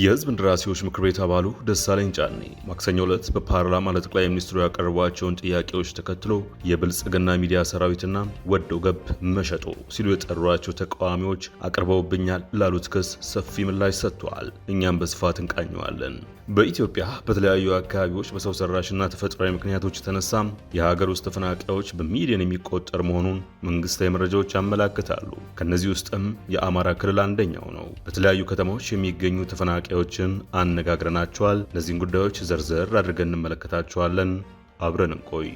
የህዝብ እንደራሴዎች ምክር ቤት አባሉ ደሳለኝ ጫኔ ማክሰኞ ዕለት በፓርላማ ለጠቅላይ ሚኒስትሩ ያቀረቧቸውን ጥያቄዎች ተከትሎ የብልጽግና ሚዲያ ሰራዊትና ወዶ ገብ መሸጦ ሲሉ የጠሯቸው ተቃዋሚዎች አቅርበውብኛል ላሉት ክስ ሰፊ ምላሽ ሰጥተዋል። እኛም በስፋት እንቃኘዋለን። በኢትዮጵያ በተለያዩ አካባቢዎች በሰው ሰራሽና ተፈጥሯዊ ምክንያቶች የተነሳ የሀገር ውስጥ ተፈናቃዮች በሚሊዮን የሚቆጠር መሆኑን መንግስታዊ መረጃዎች ያመላክታሉ። ከእነዚህ ውስጥም የአማራ ክልል አንደኛው ነው። በተለያዩ ከተማዎች የሚገኙ ተፈና ንቅናቄዎችን አነጋግረናቸዋል። እነዚህን ጉዳዮች ዘርዘር አድርገን እንመለከታቸዋለን። አብረን እንቆይ።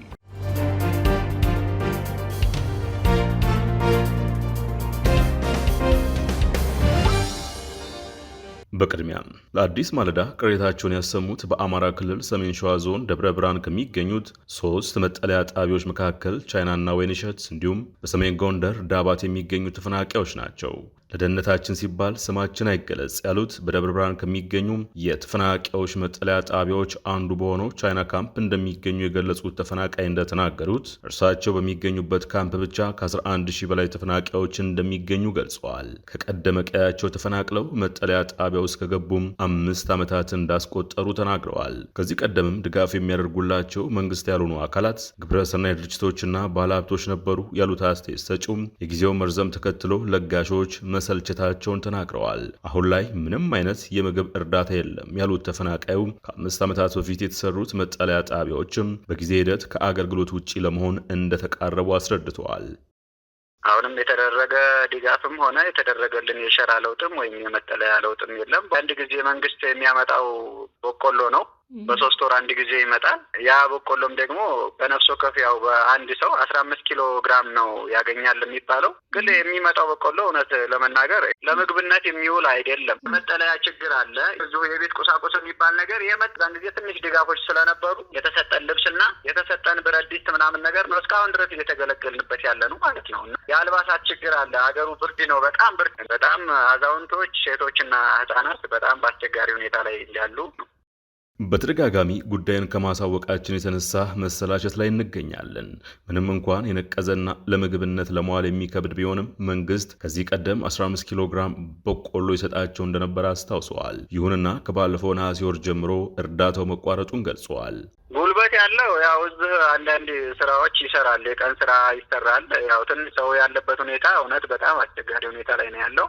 በቅድሚያ ለአዲስ ማለዳ ቅሬታቸውን ያሰሙት በአማራ ክልል ሰሜን ሸዋ ዞን ደብረ ብርሃን ከሚገኙት ሶስት መጠለያ ጣቢያዎች መካከል ቻይናና ወይንሸት እንዲሁም በሰሜን ጎንደር ዳባት የሚገኙ ተፈናቃዮች ናቸው። ለደህንነታችን ሲባል ስማችን አይገለጽ ያሉት በደብረ ብርሃን ከሚገኙ የተፈናቃዮች መጠለያ ጣቢያዎች አንዱ በሆነው ቻይና ካምፕ እንደሚገኙ የገለጹት ተፈናቃይ እንደተናገሩት እርሳቸው በሚገኙበት ካምፕ ብቻ ከ11 ሺህ በላይ ተፈናቃዮች እንደሚገኙ ገልጸዋል። ከቀደመ ቀያቸው ተፈናቅለው መጠለያ ጣቢያ ውስጥ ከገቡም አምስት ዓመታት እንዳስቆጠሩ ተናግረዋል። ከዚህ ቀደምም ድጋፍ የሚያደርጉላቸው መንግስት ያልሆኑ አካላት ግብረሰናይ ድርጅቶችና ባለሀብቶች ነበሩ ያሉት አስተያየት ሰጪውም የጊዜው መርዘም ተከትሎ ለጋሾች መሰልቸታቸውን ተናግረዋል። አሁን ላይ ምንም አይነት የምግብ እርዳታ የለም ያሉት ተፈናቃዩ ከአምስት ዓመታት በፊት የተሰሩት መጠለያ ጣቢያዎችም በጊዜ ሂደት ከአገልግሎት ውጪ ለመሆን እንደተቃረቡ አስረድተዋል። አሁንም የተደረገ ድጋፍም ሆነ የተደረገልን የሸራ ለውጥም ወይም የመጠለያ ለውጥም የለም። በአንድ ጊዜ መንግስት የሚያመጣው በቆሎ ነው። በሶስት ወር አንድ ጊዜ ይመጣል። ያ በቆሎም ደግሞ በነፍስ ወከፍ ያው በአንድ ሰው አስራ አምስት ኪሎ ግራም ነው ያገኛል የሚባለው። ግን የሚመጣው በቆሎ እውነት ለመናገር ለምግብነት የሚውል አይደለም። መጠለያ ችግር አለ። እዚሁ የቤት ቁሳቁስ የሚባል ነገር የመጣን ጊዜ ትንሽ ድጋፎች ስለነበሩ የተሰጠን ልብስና የተሰጠን ብረት ድስት ምናምን ነገር ነው እስካሁን ድረስ እየተገለገልንበት ያለ ነው ማለት ነው። የአልባሳት ችግር አለ። ሀገሩ ብርድ ነው፣ በጣም ብርድ። በጣም አዛውንቶች፣ ሴቶችና ህጻናት በጣም በአስቸጋሪ ሁኔታ ላይ እንዳሉ በተደጋጋሚ ጉዳይን ከማሳወቃችን የተነሳ መሰላቸት ላይ እንገኛለን። ምንም እንኳን የነቀዘና ለምግብነት ለመዋል የሚከብድ ቢሆንም መንግስት ከዚህ ቀደም 15 ኪሎ ግራም በቆሎ ይሰጣቸው እንደነበረ አስታውሰዋል። ይሁንና ከባለፈው ነሐሴ ወር ጀምሮ እርዳታው መቋረጡን ገልጸዋል። ጉልበት ያለው ያው እዚህ አንዳንድ ስራዎች ይሰራል። የቀን ስራ ይሰራል። ያው ትንሽ ሰው ያለበት ሁኔታ እውነት በጣም አስቸጋሪ ሁኔታ ላይ ነው ያለው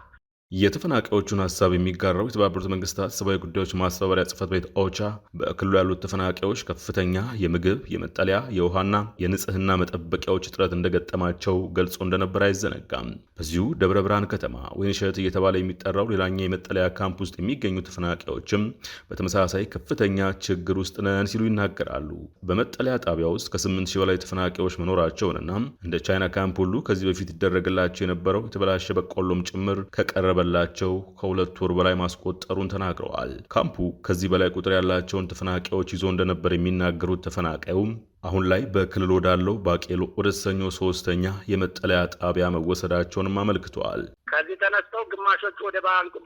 የተፈናቃዮቹን ሀሳብ የሚጋራው የተባበሩት መንግስታት ሰብአዊ ጉዳዮች ማስተባበሪያ ጽህፈት ቤት ኦቻ በክልሉ ያሉት ተፈናቃዮች ከፍተኛ የምግብ፣ የመጠለያ፣ የውሃና የንጽህና መጠበቂያዎች እጥረት እንደገጠማቸው ገልጾ እንደነበር አይዘነጋም። በዚሁ ደብረ ብርሃን ከተማ ወይንሸት እየተባለ የሚጠራው ሌላኛ የመጠለያ ካምፕ ውስጥ የሚገኙ ተፈናቃዮችም በተመሳሳይ ከፍተኛ ችግር ውስጥ ነን ሲሉ ይናገራሉ። በመጠለያ ጣቢያ ውስጥ ከስምንት ሺህ በላይ ተፈናቃዮች መኖራቸውንና እንደ ቻይና ካምፕ ሁሉ ከዚህ በፊት ይደረግላቸው የነበረው የተበላሸ በቆሎም ጭምር ከቀረበ እንደቀረበላቸው ከሁለት ወር በላይ ማስቆጠሩን ተናግረዋል። ካምፑ ከዚህ በላይ ቁጥር ያላቸውን ተፈናቃዮች ይዞ እንደነበር የሚናገሩት ተፈናቃዩም አሁን ላይ በክልል ወዳለው ባቄሎ ወደ ተሰኘው ሶስተኛ የመጠለያ ጣቢያ መወሰዳቸውንም አመልክተዋል። ከዚህ ተነስተው ግማሾቹ ወደ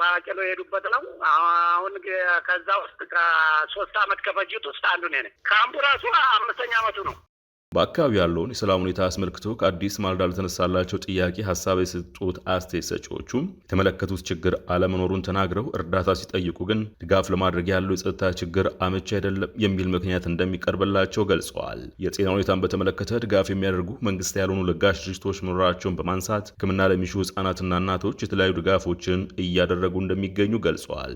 ባቄሎ የሄዱበት ነው። አሁን ከዛ ውስጥ ከሶስት አመት ከፈጅት ውስጥ አንዱ ነ ካምፑ ራሱ አምስተኛ አመቱ ነው። በአካባቢው ያለውን የሰላም ሁኔታ አስመልክቶ ከአዲስ ማለዳ ለተነሳላቸው ጥያቄ ሀሳብ የሰጡት አስተያየት ሰጪዎቹ የተመለከቱት ችግር አለመኖሩን ተናግረው እርዳታ ሲጠይቁ ግን ድጋፍ ለማድረግ ያለው የጸጥታ ችግር አመቺ አይደለም የሚል ምክንያት እንደሚቀርብላቸው ገልጸዋል። የጤና ሁኔታን በተመለከተ ድጋፍ የሚያደርጉ መንግስት ያልሆኑ ለጋሽ ድርጅቶች መኖራቸውን በማንሳት ሕክምና ለሚሹ ህጻናትና እናቶች የተለያዩ ድጋፎችን እያደረጉ እንደሚገኙ ገልጸዋል።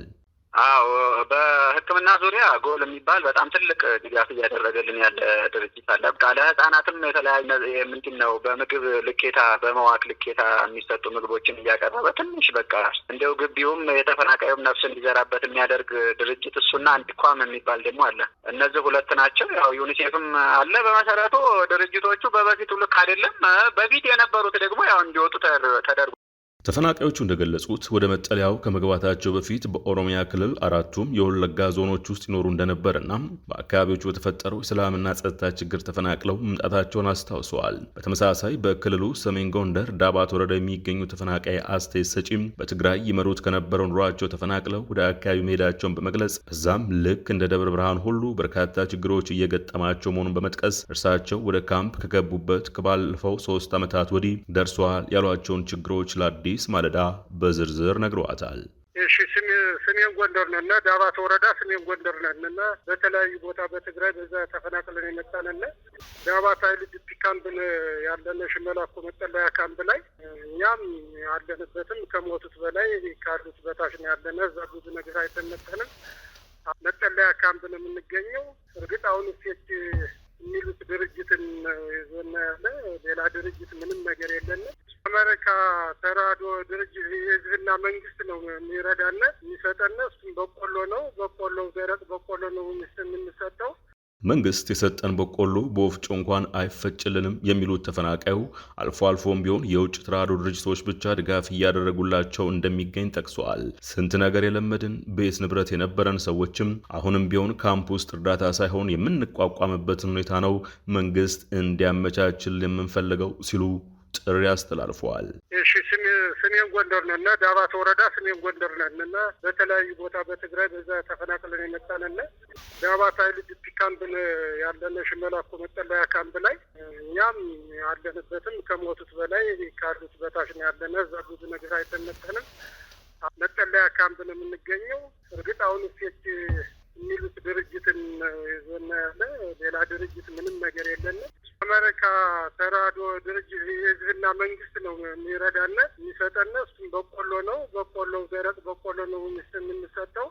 አዎ በሕክምና ዙሪያ ጎል የሚባል በጣም ትልቅ ድጋፍ እያደረገልን ያለ ድርጅት አለ። ቃለ ህጻናትም የተለያዩ ምንድን ነው በምግብ ልኬታ በመዋቅ ልኬታ የሚሰጡ ምግቦችን እያቀረበ ትንሽ በቃ እንደው ግቢውም የተፈናቃዩም ነፍስ እንዲዘራበት የሚያደርግ ድርጅት እሱና ኳም የሚባል ደግሞ አለ። እነዚህ ሁለት ናቸው። ያው ዩኒሴፍም አለ። በመሰረቱ ድርጅቶቹ በበፊቱ ልክ አይደለም። በፊት የነበሩት ደግሞ ያው እንዲወጡ ተደርጎ ተፈናቃዮቹ እንደገለጹት ወደ መጠለያው ከመግባታቸው በፊት በኦሮሚያ ክልል አራቱም የወለጋ ዞኖች ውስጥ ይኖሩ እንደነበርና በአካባቢዎቹ በተፈጠረው የሰላምና ጸጥታ ችግር ተፈናቅለው መምጣታቸውን አስታውሰዋል። በተመሳሳይ በክልሉ ሰሜን ጎንደር ዳባት ወረዳ የሚገኙ ተፈናቃይ አስተያየት ሰጪም በትግራይ ይመሩት ከነበረው ኑሯቸው ተፈናቅለው ወደ አካባቢ መሄዳቸውን በመግለጽ እዛም ልክ እንደ ደብረ ብርሃን ሁሉ በርካታ ችግሮች እየገጠማቸው መሆኑን በመጥቀስ እርሳቸው ወደ ካምፕ ከገቡበት ከባለፈው ሶስት ዓመታት ወዲህ ደርሰዋል ያሏቸውን ችግሮች ላዲ ፖሊስ ማለዳ በዝርዝር ነግሯታል። እሺ ሰሜን ጎንደር ነና እና ዳባት ወረዳ ሰሜን ጎንደር ነን እና በተለያዩ ቦታ በትግራይ በዛ ተፈናቅለን የመጣን እና ዳባት ኃይል ግቢ ካምፕ ያለን ሽመላ መጠለያ ካምብ ላይ እኛም ያለንበትም ከሞቱት በላይ ካሉት በታች ነው ያለነ እዛ ብዙ ነገር አይተመጠንም። መጠለያ ካምፕ ነው የምንገኘው። እርግጥ አሁን ሴት የሚሉት ድርጅትን ይዞና ያለ ሌላ ድርጅት ምንም ነገር የለንም። አሜሪካ ተራድኦ ድርጅት የህዝብና መንግስት ነው የሚረዳነ የሚሰጠነ። እሱም በቆሎ ነው። በቆሎ ደረቅ በቆሎ ነው የምንሰጠው። መንግስት የሰጠን በቆሎ በወፍጮ እንኳን አይፈጭልንም የሚሉት ተፈናቃዩ አልፎ አልፎም ቢሆን የውጭ ተራድኦ ድርጅቶች ብቻ ድጋፍ እያደረጉላቸው እንደሚገኝ ጠቅሰዋል። ስንት ነገር የለመድን ቤት ንብረት የነበረን ሰዎችም አሁንም ቢሆን ካምፕ ውስጥ እርዳታ ሳይሆን የምንቋቋምበትን ሁኔታ ነው መንግስት እንዲያመቻችል የምንፈልገው ሲሉ ጥሪ አስተላልፈዋል። እሺ ስሜን ጎንደር ነና ዳባት ወረዳ ስሜን ጎንደር ነንና በተለያዩ ቦታ በትግራይ በዛ ተፈናቅለን የመጣንና ዳባት ኃይል ዲፒካምብን ያለነ ሽመላኮ መጠለያ ካምብ ላይ እኛም ያለንበትም ከሞቱት በላይ ካሉት በታች ነው ያለነ እዛ ብዙ ነገር አይተመጠንም መጠለያ ካምብ ነው የምንገኘው። እርግጥ አሁን ሴት የሚሉት ድርጅትን ይዞና ያለ ሌላ ድርጅት ምንም ነገር የለንም። አሜሪካ ተራዶ ድርጅት የህዝብና መንግስት ነው የሚረዳነ የሚሰጠነ። እሱም በቆሎ ነው። በቆሎ ደረቅ በቆሎ ነው የምንሰጠው።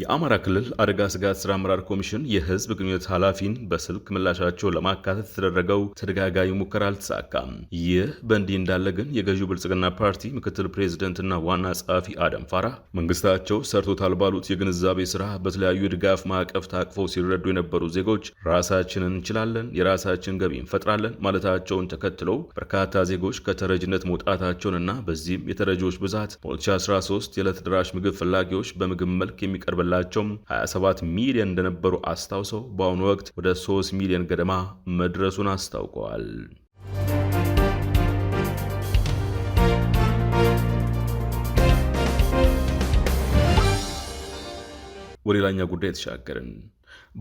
የአማራ ክልል አደጋ ስጋት ስራ አመራር ኮሚሽን የህዝብ ግንኙነት ኃላፊን በስልክ ምላሻቸው ለማካተት የተደረገው ተደጋጋሚ ሙከራ አልተሳካም። ይህ በእንዲህ እንዳለ ግን የገዢው ብልጽግና ፓርቲ ምክትል ፕሬዚደንትና ዋና ጸሐፊ አደም ፋራ መንግስታቸው ሰርቶታል ባሉት የግንዛቤ ስራ በተለያዩ የድጋፍ ማዕቀፍ ታቅፈው ሲረዱ የነበሩ ዜጎች ራሳችንን እንችላለን፣ የራሳችን ገቢ እንፈጥራለን ማለታቸውን ተከትሎ በርካታ ዜጎች ከተረጅነት መውጣታቸውንና በዚህም የተረጂዎች ብዛት በ2013 የዕለት ደራሽ ምግብ ፈላጊዎች በምግብ መልክ የሚቀርበ ያላቸውም 27 ሚሊዮን እንደነበሩ አስታውሰው በአሁኑ ወቅት ወደ 3 ሚሊዮን ገደማ መድረሱን አስታውቀዋል። ወደ ሌላኛ ጉዳይ የተሻገርን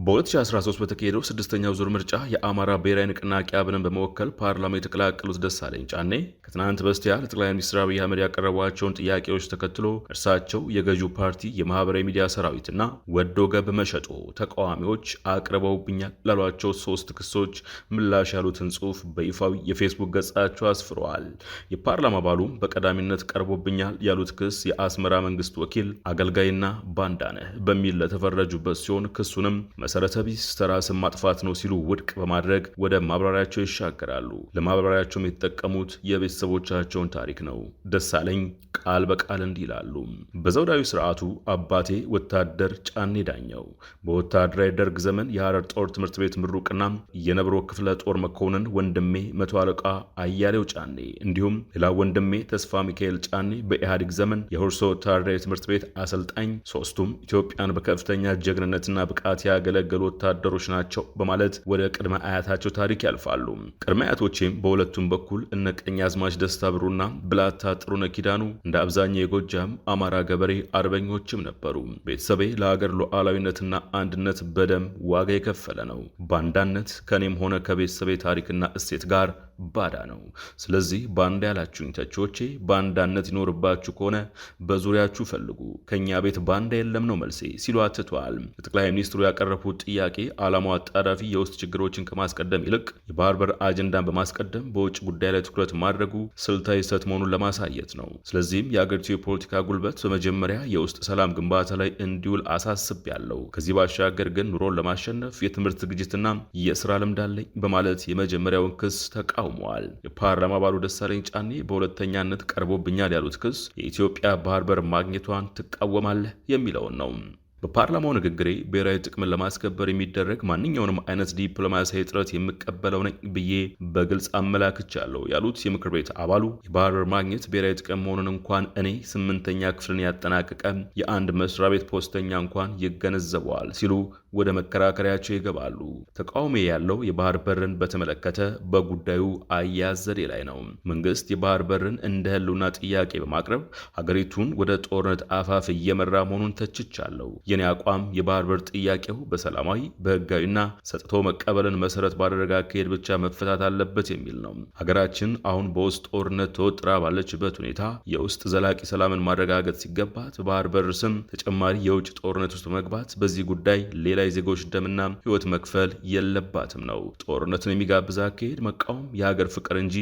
በ2013 በተካሄደው ስድስተኛው ዙር ምርጫ የአማራ ብሔራዊ ንቅናቄ አብንን በመወከል ፓርላማ የተቀላቀሉት ደሳለኝ ጫኔ ከትናንት በስቲያ ለጠቅላይ ሚኒስትር አብይ አህመድ ያቀረቧቸውን ጥያቄዎች ተከትሎ እርሳቸው የገዢው ፓርቲ የማህበራዊ ሚዲያ ሰራዊትና ወዶ ገብ መሸጡ ተቃዋሚዎች አቅርበውብኛል ላሏቸው ሶስት ክሶች ምላሽ ያሉትን ጽሁፍ በይፋዊ የፌስቡክ ገጻቸው አስፍረዋል። የፓርላማ አባሉም በቀዳሚነት ቀርቦብኛል ያሉት ክስ የአስመራ መንግስት ወኪል አገልጋይና ባንዳ ነህ በሚል ለተፈረጁበት ሲሆን ክሱንም መሰረተ ቢስ ተራስን ማጥፋት ነው ሲሉ ውድቅ በማድረግ ወደ ማብራሪያቸው ይሻገራሉ። ለማብራሪያቸውም የተጠቀሙት የቤተሰቦቻቸውን ታሪክ ነው። ደሳለኝ ቃል በቃል እንዲህ ይላሉ። በዘውዳዊ ስርዓቱ አባቴ ወታደር ጫኔ ዳኘው በወታደራዊ ደርግ ዘመን የሐረር ጦር ትምህርት ቤት ምሩቅና የነብሮ ክፍለ ጦር መኮንን ወንድሜ መቶ አለቃ አያሌው ጫኔ እንዲሁም ሌላ ወንድሜ ተስፋ ሚካኤል ጫኔ በኢህአዴግ ዘመን የሁርሶ ወታደራዊ ትምህርት ቤት አሰልጣኝ ሶስቱም ኢትዮጵያን በከፍተኛ ጀግንነትና ብቃት ያገ ያገለገሉ ወታደሮች ናቸው በማለት ወደ ቅድመ አያታቸው ታሪክ ያልፋሉ። ቅድመ አያቶቼም በሁለቱም በኩል እነ አዝማች ደስታ ብሩና ብላታ ጥሩነ ኪዳኑ እንደ አብዛኛው የጎጃም አማራ ገበሬ አርበኞችም ነበሩ። ቤተሰቤ ለሀገር ሉዓላዊነትና አንድነት በደም ዋጋ የከፈለ ነው። ባንዳነት ከኔም ሆነ ከቤተሰቤ ታሪክና እሴት ጋር ባዳ ነው። ስለዚህ ባንዳ ያላችሁኝ ተቾቼ ባንዳነት ይኖርባችሁ ከሆነ በዙሪያችሁ ፈልጉ። ከእኛ ቤት ባንዳ የለም ነው መልሴ ሲሉ አትተዋል። ለጠቅላይ ሚኒስትሩ ያቀረቡት ጥያቄ ዓላማው አጣዳፊ የውስጥ ችግሮችን ከማስቀደም ይልቅ የባህር በር አጀንዳን በማስቀደም በውጭ ጉዳይ ላይ ትኩረት ማድረጉ ስልታዊ ስህተት መሆኑን ለማሳየት ነው። ስለዚህም የአገሪቱ የፖለቲካ ጉልበት በመጀመሪያ የውስጥ ሰላም ግንባታ ላይ እንዲውል አሳስብ ያለው ከዚህ ባሻገር ግን ኑሮን ለማሸነፍ የትምህርት ዝግጅትና የስራ ልምድ አለኝ በማለት የመጀመሪያውን ክስ ተቃው ተቃውመዋል። የፓርላማ አባሉ ደሳለኝ ጫኔ በሁለተኛነት ቀርቦብኛል ያሉት ክስ የኢትዮጵያ ባህር በር ማግኘቷን ትቃወማለህ የሚለውን ነው። በፓርላማው ንግግሬ ብሔራዊ ጥቅምን ለማስከበር የሚደረግ ማንኛውንም አይነት ዲፕሎማሲያዊ ጥረት የምቀበለው ነኝ ብዬ በግልጽ አመላክቻለሁ ያሉት የምክር ቤት አባሉ የባህር በር ማግኘት ብሔራዊ ጥቅም መሆኑን እንኳን እኔ ስምንተኛ ክፍልን ያጠናቀቀ የአንድ መስሪያ ቤት ፖስተኛ እንኳን ይገነዘበዋል ሲሉ ወደ መከራከሪያቸው ይገባሉ። ተቃውሞ ያለው የባህር በርን በተመለከተ በጉዳዩ አያያዝ ዘዴ ላይ ነው። መንግስት የባህር በርን እንደ ህልውና ጥያቄ በማቅረብ ሀገሪቱን ወደ ጦርነት አፋፍ እየመራ መሆኑን ተችቻለሁ። የኔ አቋም የባህር በር ጥያቄው በሰላማዊ በህጋዊና ሰጥቶ መቀበልን መሰረት ባደረገ አካሄድ ብቻ መፈታት አለበት የሚል ነው። ሀገራችን አሁን በውስጥ ጦርነት ተወጥራ ባለችበት ሁኔታ የውስጥ ዘላቂ ሰላምን ማረጋገጥ ሲገባት በባህር በር ስም ተጨማሪ የውጭ ጦርነት ውስጥ መግባት በዚህ ጉዳይ ሌላ የሌላ ዜጎች ደምና ህይወት መክፈል የለባትም ነው። ጦርነቱን የሚጋብዝ አካሄድ መቃወም የሀገር ፍቅር እንጂ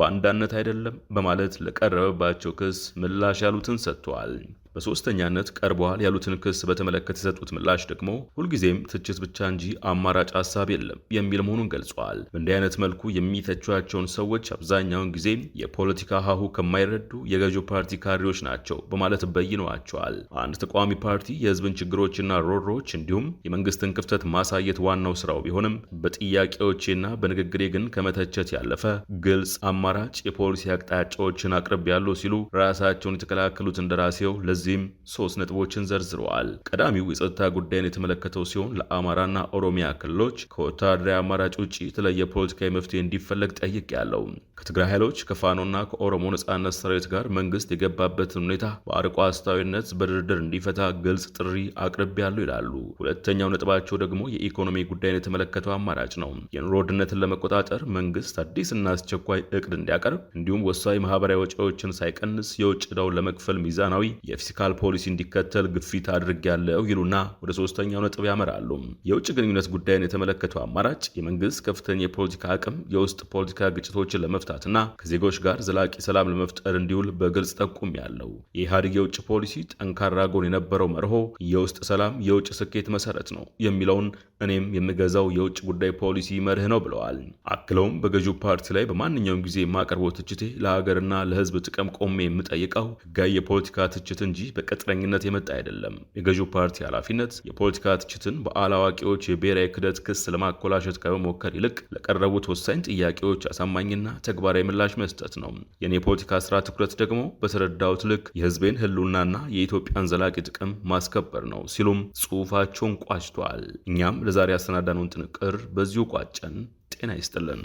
ባንዳነት አይደለም በማለት ለቀረበባቸው ክስ ምላሽ ያሉትን ሰጥተዋል። በሶስተኛነት ቀርበዋል ያሉትን ክስ በተመለከተ የሰጡት ምላሽ ደግሞ ሁልጊዜም ትችት ብቻ እንጂ አማራጭ ሀሳብ የለም የሚል መሆኑን ገልጿል። በእንዲህ አይነት መልኩ የሚተቿቸውን ሰዎች አብዛኛውን ጊዜ የፖለቲካ ሀሁ ከማይረዱ የገዢው ፓርቲ ካድሬዎች ናቸው በማለት በይነዋቸዋል። አንድ ተቃዋሚ ፓርቲ የህዝብን ችግሮችና ሮሮዎች እንዲሁም የመንግስትን ክፍተት ማሳየት ዋናው ስራው ቢሆንም በጥያቄዎቼና በንግግሬ ግን ከመተቸት ያለፈ ግልጽ አማራጭ የፖሊሲ አቅጣጫዎችን አቅርብ ያለው ሲሉ ራሳቸውን የተከላከሉት እንደራሴው ለዚህም ሶስት ነጥቦችን ዘርዝረዋል። ቀዳሚው የጸጥታ ጉዳይን የተመለከተው ሲሆን ለአማራና ኦሮሚያ ክልሎች ከወታደራዊ አማራጭ ውጭ የተለየ ፖለቲካዊ መፍትሄ እንዲፈለግ ጠይቅ ያለው ከትግራይ ኃይሎች ከፋኖና ከኦሮሞ ነጻነት ሰራዊት ጋር መንግስት የገባበትን ሁኔታ በአርቆ አስተዋይነት በድርድር እንዲፈታ ግልጽ ጥሪ አቅርብ ያሉ ይላሉ። ሁለተኛ ሶስተኛው ነጥባቸው ደግሞ የኢኮኖሚ ጉዳይን የተመለከተው አማራጭ ነው። የኑሮ ውድነትን ለመቆጣጠር መንግስት አዲስና አስቸኳይ እቅድ እንዲያቀርብ እንዲሁም ወሳኝ ማህበራዊ ወጪዎችን ሳይቀንስ የውጭ ዕዳውን ለመክፈል ሚዛናዊ የፊስካል ፖሊሲ እንዲከተል ግፊት ያለው ይሉና ወደ ሶስተኛው ነጥብ ያመራሉ። የውጭ ግንኙነት ጉዳይን የተመለከተው አማራጭ የመንግስት ከፍተኛ የፖለቲካ አቅም የውስጥ ፖለቲካ ግጭቶችን ለመፍታትና ከዜጎች ጋር ዘላቂ ሰላም ለመፍጠር እንዲውል በግልጽ ጠቁም ያለው የኢህአዴግ የውጭ ፖሊሲ ጠንካራ ጎን የነበረው መርሆ የውስጥ ሰላም የውጭ ስኬት መሰረት ነው የሚለውን እኔም የምገዛው የውጭ ጉዳይ ፖሊሲ መርህ ነው ብለዋል። አክለውም በገዢው ፓርቲ ላይ በማንኛውም ጊዜ የማቀርበው ትችቴ ለሀገርና ለሕዝብ ጥቅም ቆሜ የምጠይቀው ህጋዊ የፖለቲካ ትችት እንጂ በቀጥረኝነት የመጣ አይደለም። የገዢው ፓርቲ ኃላፊነት የፖለቲካ ትችትን በአላዋቂዎች የብሔራዊ ክደት ክስ ለማኮላሸት ከመሞከር ይልቅ ለቀረቡት ወሳኝ ጥያቄዎች አሳማኝና ተግባራዊ ምላሽ መስጠት ነው። የእኔ የፖለቲካ ስራ ትኩረት ደግሞ በተረዳሁት ልክ የሕዝቤን ህልውናና የኢትዮጵያን ዘላቂ ጥቅም ማስከበር ነው ሲሉም ጽሁፋቸውን ቋጭቷል። እኛም ለዛሬ ያሰናዳነውን ጥንቅር በዚሁ ቋጨን። ጤና ይስጥልን።